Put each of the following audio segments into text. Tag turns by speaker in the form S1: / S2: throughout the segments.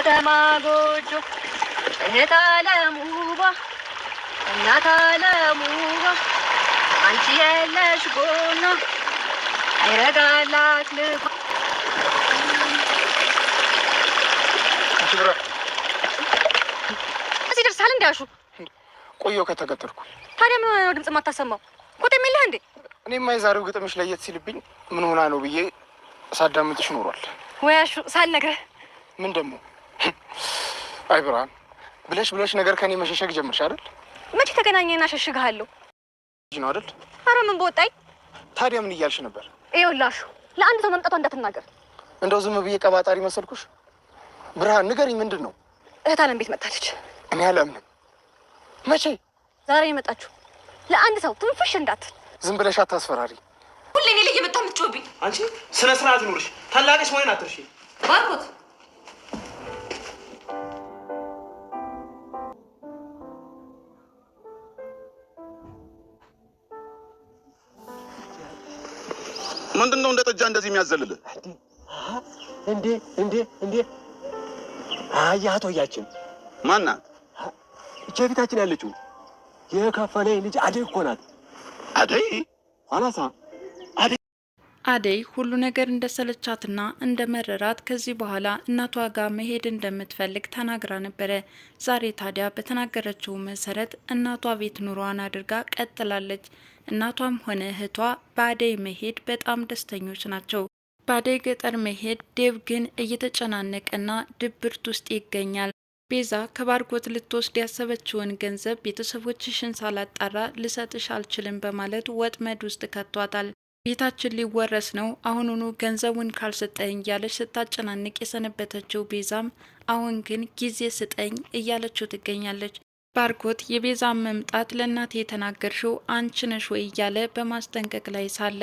S1: ከተማ ጎጆ እህት አለሙ ውቧ እናት አለሙ ውቧ አንቺ የለሽ ጎኗ ይረጋላት ልቧ እዚህ ደርሳል። እንዳሹ
S2: ቆየሁ ከተገጠርኩ።
S1: ታዲያ ምን ሆነ ነው ድምፅ የማታሰማው? ቁጥም የለህ እንዴ?
S2: እኔማ የዛሬው ግጥምሽ ለየት ሲልብኝ ምን ሆና ነው ብዬ ሳዳምጥሽ ኖሯል።
S1: ወያሹ ሳልነግረህ
S2: ምን ደግሞ አይ ብርሃን ብለሽ ብለሽ ነገር ከኔ መሸሸግ ጀምርሽ አይደል?
S1: መቼ ተገናኘና ሸሽግሃለሁ ነው አይደል? አረ ምን በወጣኝ።
S2: ታዲያ ምን እያልሽ ነበር?
S1: ይኸውላሹ ለአንድ ሰው መምጣቷ እንዳትናገር።
S2: እንደው ዝም ብዬ ቀባጣሪ መሰልኩሽ? ብርሃን ንገሪኝ፣ ምንድን ነው
S1: እህት አለም ቤት መጣለች?
S2: እኔ አላምንም። መቼ?
S1: ዛሬ የመጣችሁ ለአንድ ሰው ትንፍሽ እንዳትል።
S2: ዝም ብለሽ አታስፈራሪ።
S1: ሁሌ እኔ ላይ የመጣ ምትጮብኝ
S2: አንቺ። ስነ ስርዓት ኑርሽ፣ ታላቅሽ መሆኔን አትርሺ
S1: ባርኮት
S3: እርምጃ እንደዚህ የሚያዘልል
S4: እንዴ? እንዴ? እንዴ? አያ አቶ አያቶያችን ማና እቼ ፊታችን ያለችው የከፈለኝ ልጅ አደይ እኮ ናት። አደይ ኋላሳ
S5: አደይ ሁሉ ነገር እንደሰለቻትና እንደመረራት ከዚህ በኋላ እናቷ ጋር መሄድ እንደምትፈልግ ተናግራ ነበረ። ዛሬ ታዲያ በተናገረችው መሰረት እናቷ ቤት ኑሯን አድርጋ ቀጥላለች። እናቷም ሆነ እህቷ በአደይ መሄድ በጣም ደስተኞች ናቸው። በአደይ ገጠር መሄድ ዴቭ ግን እየተጨናነቀና ድብርት ውስጥ ይገኛል። ቤዛ ከባርኮት ልትወስድ ያሰበችውን ገንዘብ ቤተሰቦችሽን ሳላጣራ ልሰጥሽ አልችልም በማለት ወጥመድ ውስጥ ከቷታል። ቤታችን ሊወረስ ነው፣ አሁኑኑ ገንዘቡን ካልሰጠኝ እያለች ስታጨናንቅ የሰነበተችው ቤዛም አሁን ግን ጊዜ ስጠኝ እያለችው ትገኛለች። ባርኮት የቤዛ መምጣት ለእናቴ የተናገርሽው አንቺ ነሽ ወይ እያለ በማስጠንቀቅ ላይ ሳለ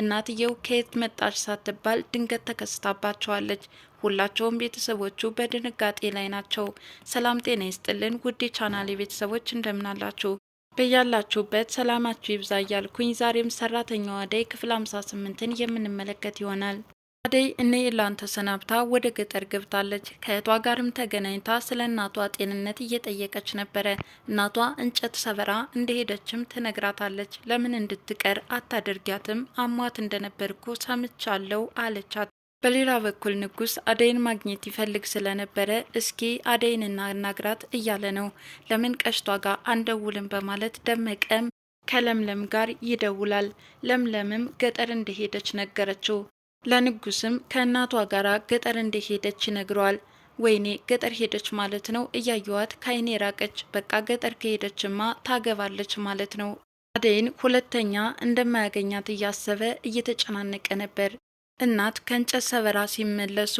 S5: እናትየው ከየት መጣች ሳትባል ድንገት ተከስታባቸዋለች። ሁላቸውም ቤተሰቦቹ በድንጋጤ ላይ ናቸው። ሰላም ጤና ይስጥልን ውድ ቻናሌ ቤተሰቦች እንደምናላችሁ በያላችሁበት ሰላማችሁ ይብዛ እያልኩኝ ዛሬም ሰራተኛዋ አደይ ክፍል 58ን የምንመለከት ይሆናል። አደይ እነ ኤላን ተሰናብታ ወደ ገጠር ገብታለች። ከእህቷ ጋርም ተገናኝታ ስለ እናቷ ጤንነት እየጠየቀች ነበረ። እናቷ እንጨት ሰበራ እንደሄደችም ትነግራታለች። ለምን እንድትቀር አታደርጊያትም? አሟት እንደነበርኩ እኮ ሰምቻለው አለቻት። በሌላ በኩል ንጉስ አደይን ማግኘት ይፈልግ ስለነበረ እስኪ አደይን እናናግራት እያለ ነው። ለምን ቀሽቷ ጋር አንደውልም በማለት ደመቀም ከለምለም ጋር ይደውላል። ለምለምም ገጠር እንደሄደች ነገረችው። ለንጉስም ከእናቷ ጋር ገጠር እንደሄደች ይነግረዋል። ወይኔ ገጠር ሄደች ማለት ነው፣ እያየዋት ከአይኔ ራቀች። በቃ ገጠር ከሄደችማ ታገባለች ማለት ነው። አደይን ሁለተኛ እንደማያገኛት እያሰበ እየተጨናነቀ ነበር። እናት ከእንጨት ሰበራ ሲመለሱ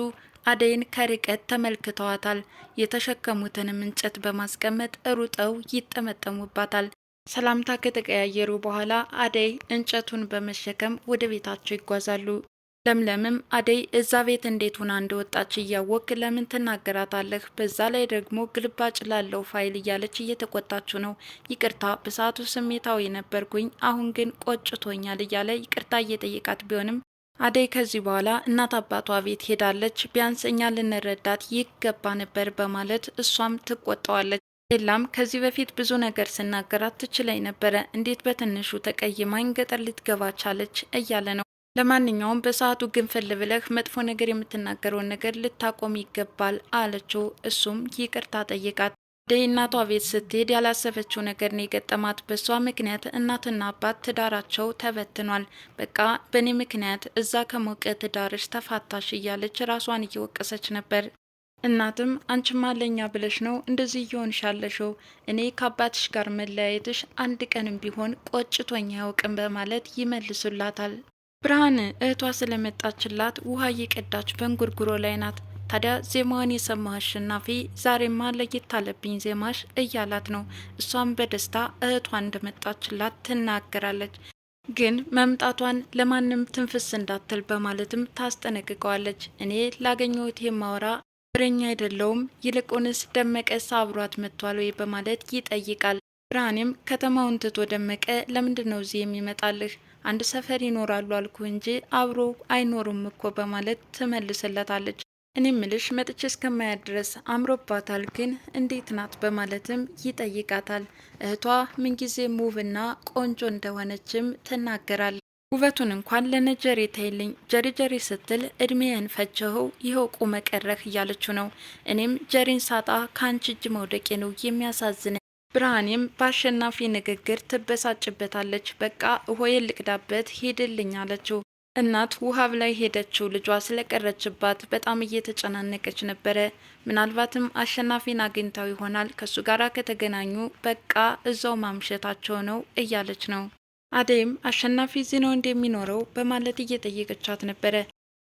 S5: አደይን ከርቀት ተመልክተዋታል። የተሸከሙትንም እንጨት በማስቀመጥ ሩጠው ይጠመጠሙባታል። ሰላምታ ከተቀያየሩ በኋላ አደይ እንጨቱን በመሸከም ወደ ቤታቸው ይጓዛሉ። ለምለምም አደይ እዛ ቤት እንዴት ሆና እንደወጣች እያወቅ ለምን ትናገራታለህ? በዛ ላይ ደግሞ ግልባጭ ላለው ፋይል እያለች እየተቆጣችው ነው። ይቅርታ በሰዓቱ ስሜታዊ ነበርኩኝ፣ አሁን ግን ቆጭቶኛል እያለ ይቅርታ እየጠየቃት ቢሆንም አደይ ከዚህ በኋላ እናት አባቷ ቤት ሄዳለች፣ ቢያንስ እኛ ልንረዳት ይገባ ነበር በማለት እሷም ትቆጠዋለች። ሌላም ከዚህ በፊት ብዙ ነገር ስናገራት ትችለኝ ነበረ፣ እንዴት በትንሹ ተቀይማኝ ገጠር ልትገባ ቻለች እያለ ነው ለማንኛውም በሰዓቱ ግንፍል ብለህ መጥፎ ነገር የምትናገረውን ነገር ልታቆም ይገባል አለችው። እሱም ይቅርታ ጠይቃት ወደ እናቷ ቤት ስትሄድ ያላሰበችው ነገር ነው የገጠማት። በእሷ ምክንያት እናትና አባት ትዳራቸው ተበትኗል። በቃ በእኔ ምክንያት እዛ ከሞቀ ትዳርሽ ተፋታሽ እያለች ራሷን እየወቀሰች ነበር። እናትም አንቺማ ለኛ ብለሽ ነው እንደዚህ እየሆንሽ ያለሽው፣ እኔ ከአባትሽ ጋር መለያየትሽ አንድ ቀንም ቢሆን ቆጭቶኝ አያውቅም በማለት ይመልሱላታል። ብርሃን እህቷ ስለመጣችላት ውሃ እየቀዳች በእንጉርጉሮ ላይ ናት። ታዲያ ዜማዋን የሰማ አሸናፊ ዛሬማ ለየት አለብኝ ዜማሽ እያላት ነው። እሷም በደስታ እህቷ እንደመጣችላት ትናገራለች። ግን መምጣቷን ለማንም ትንፍስ እንዳትል በማለትም ታስጠነቅቀዋለች። እኔ ላገኘሁት የማወራ ብረኛ አይደለውም፣ ይልቁንስ ደመቀ ሳብሯት መጥቷል ወይ በማለት ይጠይቃል። ብርሃኔም ከተማውን ትቶ ደመቀ ለምንድን ነው እዚህ የሚመጣልህ አንድ ሰፈር ይኖራሉ አልኩ እንጂ አብሮ አይኖሩም እኮ በማለት ትመልስለታለች። እኔ ምልሽ መጥቼ እስከማያ ድረስ አምሮባታል፣ ግን እንዴት ናት በማለትም ይጠይቃታል። እህቷ ምንጊዜ ውብና ቆንጆ እንደሆነችም ትናገራል። ውበቱን እንኳን ለነጀሬ ታይልኝ ጀሪጀሪ ስትል እድሜ ፈጀኸው ይኸው ቁመ እያለችው ነው። እኔም ጀሪን ሳጣ ከአንቺ እጅ መውደቄ ነው የሚያሳዝነ ብርሃኔም በአሸናፊ ንግግር ትበሳጭበታለች። በቃ ሆይ ልቅዳበት ሄድልኝ አለችው። እናት ውሃ ብላይ ሄደችው። ልጇ ስለቀረችባት በጣም እየተጨናነቀች ነበረ። ምናልባትም አሸናፊን አግኝታው ይሆናል። ከእሱ ጋር ከተገናኙ በቃ እዛው ማምሸታቸው ነው እያለች ነው። አደይም አሸናፊ እዚህ ነው እንደሚኖረው በማለት እየጠየቀቻት ነበረ።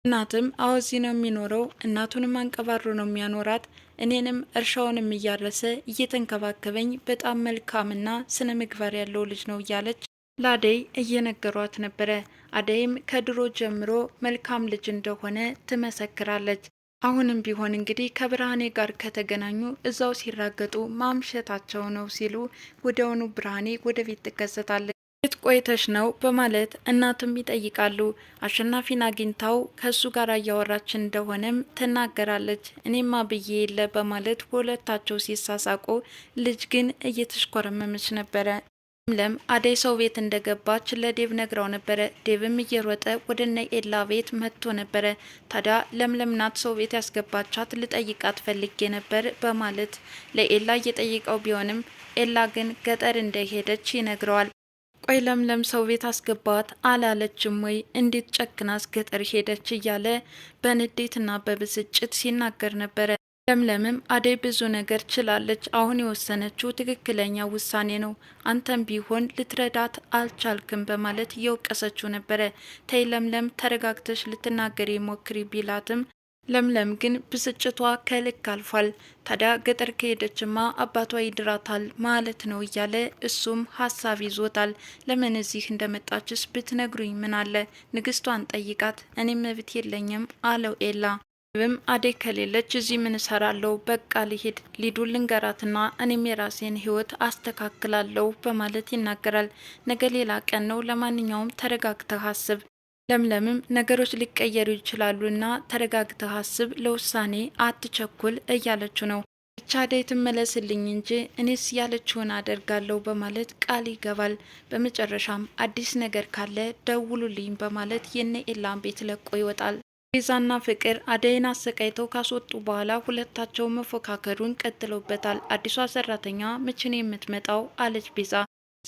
S5: እናትም አዎ እዚህ ነው የሚኖረው፣ እናቱንም አንቀባሮ ነው የሚያኖራት እኔንም እርሻውንም እያረሰ እየተንከባከበኝ በጣም መልካምና ስነ ምግባር ያለው ልጅ ነው እያለች ለአደይ እየነገሯት ነበረ። አደይም ከድሮ ጀምሮ መልካም ልጅ እንደሆነ ትመሰክራለች። አሁንም ቢሆን እንግዲህ ከብርሃኔ ጋር ከተገናኙ እዛው ሲራገጡ ማምሸታቸው ነው ሲሉ ወዲያውኑ ብርሃኔ ወደፊት ትከሰታለች። የት ቆይተሽ ነው በማለት እናትም ይጠይቃሉ። አሸናፊን አግኝታው ከእሱ ጋር እያወራች እንደሆነም ትናገራለች። እኔማ ብዬ የለ በማለት በሁለታቸው ሲሳሳቁ ልጅ ግን እየተሽኮረመመች ነበረ። ለምለም አደይ ሰው ቤት እንደገባች ለዴቭ ነግራው ነበረ። ዴቭም እየሮጠ ወደ እነ ኤላ ቤት መጥቶ ነበረ። ታዲያ ለምለም ናት ሰው ቤት ያስገባቻት ልጠይቃት ፈልጌ ነበር በማለት ለኤላ እየጠየቀው ቢሆንም ኤላ ግን ገጠር እንደሄደች ይነግረዋል። ቆይ ለምለም ሰው ቤት አስገባት አላለችም ወይ? እንዴት ጨክናስ ገጠር ሄደች? እያለ በንዴትና በብስጭት ሲናገር ነበረ። ለምለምም አደይ ብዙ ነገር ችላለች፣ አሁን የወሰነችው ትክክለኛ ውሳኔ ነው፣ አንተም ቢሆን ልትረዳት አልቻልክም በማለት እየወቀሰችው ነበረ። ተይ ለምለም ተረጋግተሽ ልትናገር ሞክሪ ቢላትም ለምለም ግን ብስጭቷ ከልክ አልፏል። ታዲያ ገጠር ከሄደችማ አባቷ ይድራታል ማለት ነው እያለ እሱም ሀሳብ ይዞታል። ለምን እዚህ እንደመጣችስ ብትነግሩኝ ምን አለ? ንግስቷን ጠይቃት፣ እኔም መብት የለኝም አለው ኤላ ብም አደይ ከሌለች እዚህ ምን እሰራለሁ? በቃ ልሄድ ሊዱ ልንገራትና እኔም የራሴን ህይወት አስተካክላለሁ በማለት ይናገራል። ነገ ሌላ ቀን ነው፣ ለማንኛውም ተረጋግተህ አስብ ለምለምም ነገሮች ሊቀየሩ ይችላሉ እና ተረጋግተህ አስብ፣ ለውሳኔ አትቸኩል እያለችው ነው። ብቻ አደይ ትመለስልኝ እንጂ እኔስ ያለችውን አደርጋለሁ በማለት ቃል ይገባል። በመጨረሻም አዲስ ነገር ካለ ደውሉልኝ በማለት የነ ኤላን ቤት ለቆ ይወጣል። ቤዛና ፍቅር አደይን አሰቃይተው ካስወጡ በኋላ ሁለታቸው መፎካከሩን ቀጥለውበታል። አዲሷ ሰራተኛ መቼ ነው የምትመጣው? አለች ቤዛ።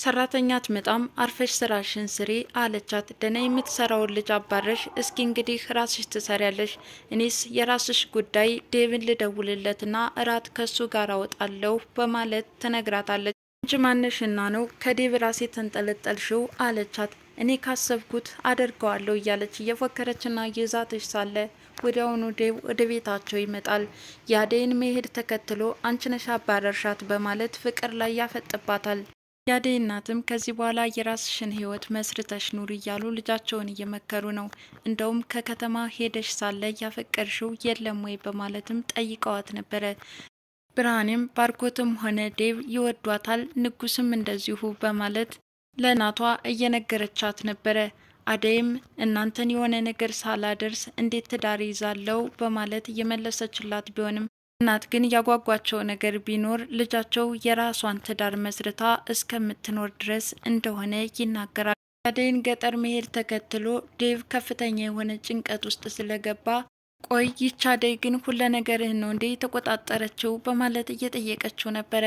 S5: ሰራተኛ አትመጣም፣ አርፈሽ ስራሽን ስሪ አለቻት። ደህና የምትሰራውን ልጅ አባረሽ፣ እስኪ እንግዲህ ራስሽ ትሰሪያለሽ፣ እኔስ የራስሽ ጉዳይ ዴቭን ልደውልለትና እራት ከሱ ጋር አወጣለሁ በማለት ትነግራታለች። እንጂ ማነሽና ነው ከዴቭ ራሴ ተንጠለጠልሽው አለቻት። እኔ ካሰብኩት አደርገዋለሁ እያለች እየፎከረችና ይዛትሽ ሳለ ወዲያውኑ ዴቭ ወደ ቤታቸው ይመጣል። የአደይን መሄድ ተከትሎ አንቺ ነሽ አባረርሻት በማለት ፍቅር ላይ ያፈጥባታል። የአደይ እናትም ከዚህ በኋላ የራስሽን ህይወት መስርተሽ ኑር እያሉ ልጃቸውን እየመከሩ ነው። እንደውም ከከተማ ሄደሽ ሳለ ያፈቀርሽው የለም ወይ በማለትም ጠይቀዋት ነበረ። ብርሃኔም ባርኮትም ሆነ ዴቭ ይወዷታል፣ ንጉስም እንደዚሁ በማለት ለእናቷ እየነገረቻት ነበረ። አደይም እናንተን የሆነ ነገር ሳላደርስ እንዴት ትዳር ይዛለው በማለት እየመለሰችላት ቢሆንም እናት ግን ያጓጓቸው ነገር ቢኖር ልጃቸው የራሷን ትዳር መስርታ እስከምትኖር ድረስ እንደሆነ ይናገራል። የአደይን ገጠር መሄድ ተከትሎ ዴቭ ከፍተኛ የሆነ ጭንቀት ውስጥ ስለገባ ቆይ ይች አደይ ግን ሁለ ነገርህ ነው እንዴ የተቆጣጠረችው በማለት እየጠየቀችው ነበረ።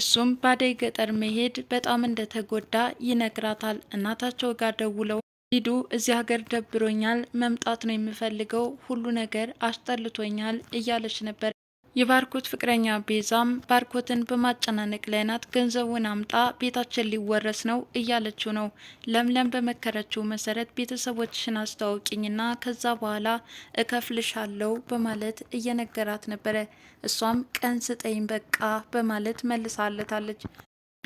S5: እሱም በአደይ ገጠር መሄድ በጣም እንደተጎዳ ይነግራታል። እናታቸው ጋር ደውለው ሂዱ፣ እዚህ ሀገር ደብሮኛል፣ መምጣት ነው የምፈልገው፣ ሁሉ ነገር አስጠልቶኛል እያለች ነበር። የባርኮት ፍቅረኛ ቤዛም ባርኮትን በማጨናነቅ ላይ ናት። ገንዘቡን አምጣ ቤታችን ሊወረስ ነው እያለችው ነው። ለምለም በመከረችው መሰረት ቤተሰቦችሽን አስተዋውቂኝና ከዛ በኋላ እከፍልሻለው በማለት እየነገራት ነበረ። እሷም ቀን ስጠኝ በቃ በማለት መልሳለታለች።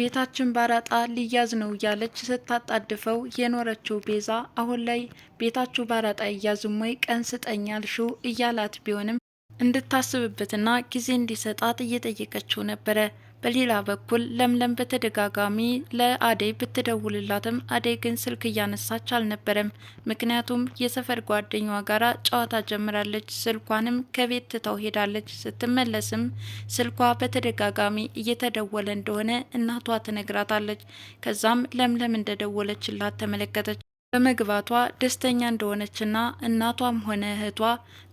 S5: ቤታችን ባራጣ ሊያዝ ነው እያለች ስታጣድፈው የኖረችው ቤዛ አሁን ላይ ቤታችሁ ባራጣ እያዝም ወይ ቀን ስጠኝ አልሽው እያላት ቢሆንም እንድታስብበትና ጊዜ እንዲሰጣት እየጠየቀችው ነበረ። በሌላ በኩል ለምለም በተደጋጋሚ ለአደይ ብትደውልላትም አደይ ግን ስልክ እያነሳች አልነበረም። ምክንያቱም የሰፈር ጓደኛዋ ጋራ ጨዋታ ጀምራለች። ስልኳንም ከቤት ትተው ሄዳለች። ስትመለስም ስልኳ በተደጋጋሚ እየተደወለ እንደሆነ እናቷ ትነግራታለች። ከዛም ለምለም እንደደወለችላት ተመለከተች። በመግባቷ ደስተኛ እንደሆነችና እናቷም ሆነ እህቷ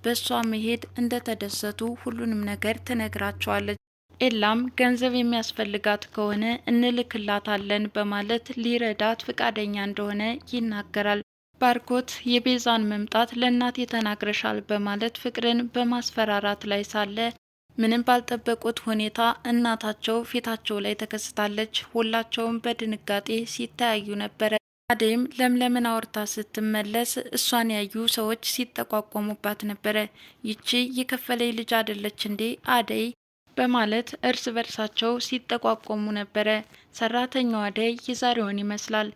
S5: በእሷ መሄድ እንደተደሰቱ ሁሉንም ነገር ትነግራቸዋለች። ኤላም ገንዘብ የሚያስፈልጋት ከሆነ እንልክላታለን በማለት ሊረዳት ፍቃደኛ እንደሆነ ይናገራል። ባርኮት የቤዛን መምጣት ለእናቴ ተናግረሻል በማለት ፍቅርን በማስፈራራት ላይ ሳለ ምንም ባልጠበቁት ሁኔታ እናታቸው ፊታቸው ላይ ተከስታለች። ሁላቸውም በድንጋጤ ሲተያዩ ነበረ። አደይም ለምለምን አውርታ ስትመለስ እሷን ያዩ ሰዎች ሲጠቋቆሙባት ነበረ። ይቺ የከፈለኝ ልጅ አደለች እንዴ አደይ በማለት እርስ በርሳቸው ሲጠቋቆሙ ነበረ። ሰራተኛዋ አደይ የዛሬውን ይመስላል።